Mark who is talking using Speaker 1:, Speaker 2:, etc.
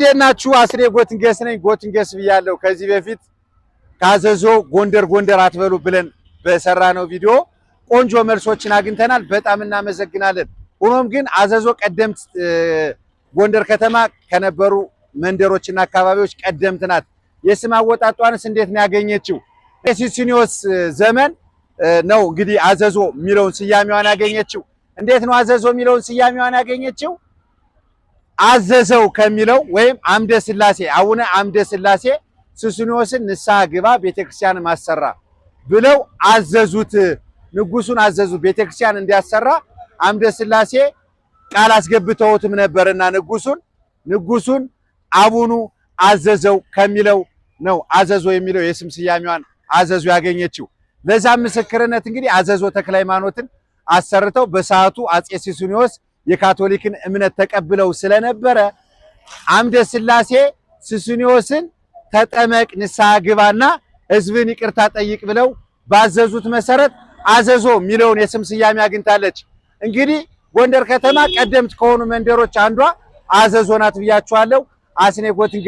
Speaker 1: እንዴት ናችሁ? አስሬ ጎትንጌስ ነኝ። ጎትንጌስ ብያለሁ። ከዚህ በፊት ካዘዞ ጎንደር ጎንደር አትበሉ ብለን በሰራነው ቪዲዮ ቆንጆ መልሶችን አግኝተናል። በጣም እናመሰግናለን። ሆኖም ግን አዘዞ ቀደምት ጎንደር ከተማ ከነበሩ መንደሮችና አካባቢዎች ቀደምት ናት። የስም አወጣጧንስ እንዴት ነው ያገኘችው? የሲሲኒዮስ ዘመን ነው እንግዲህ አዘዞ የሚለውን ስያሜዋን ያገኘችው። እንዴት ነው አዘዞ የሚለውን ስያሜዋን ያገኘችው? አዘዘው ከሚለው ወይም አምደ ስላሴ አቡነ አምደ ስላሴ ሱስንዮስን ንስሐ ግባ ቤተክርስቲያን ማሰራ ብለው አዘዙት። ንጉሱን አዘዙ ቤተክርስቲያን እንዲያሰራ አምደ ስላሴ ቃል አስገብተውትም ነበርና ንጉሱን ንጉሱን አቡኑ አዘዘው ከሚለው ነው አዘዞ የሚለው የስም ስያሜዋን አዘዞ ያገኘችው። ለዛ ምስክርነት እንግዲህ አዘዞ ተክለ ሃይማኖትን አሰርተው በሰዓቱ አጼ ሱስንዮስ የካቶሊክን እምነት ተቀብለው ስለነበረ አምደ ስላሴ ስስኒዮስን ተጠመቅ፣ ንስሐ ግባና ህዝብን ይቅርታ ጠይቅ ብለው ባዘዙት መሰረት አዘዞ የሚለውን የስም ስያሜ አግኝታለች። እንግዲህ ጎንደር ከተማ ቀደምት ከሆኑ መንደሮች አንዷ አዘዞ ናት ብያችኋለሁ። አስኔ ጎትን